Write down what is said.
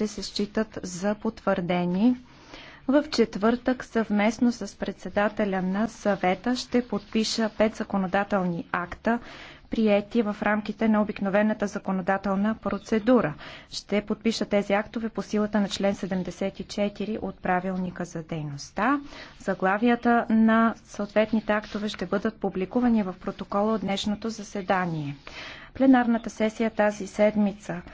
ще се считат за потвърдени. В четвъртък съвместно с председателя на съвета ще подпиша пет законодателни акта, приети в рамките на обикновената законодателна процедура. Ще подпиша тези актове по силата на член 74 от правилника за дейността. Заглавията на съответните актове ще бъдат публикувани в протокола от днешното заседание. Пленарната сесия тази седмица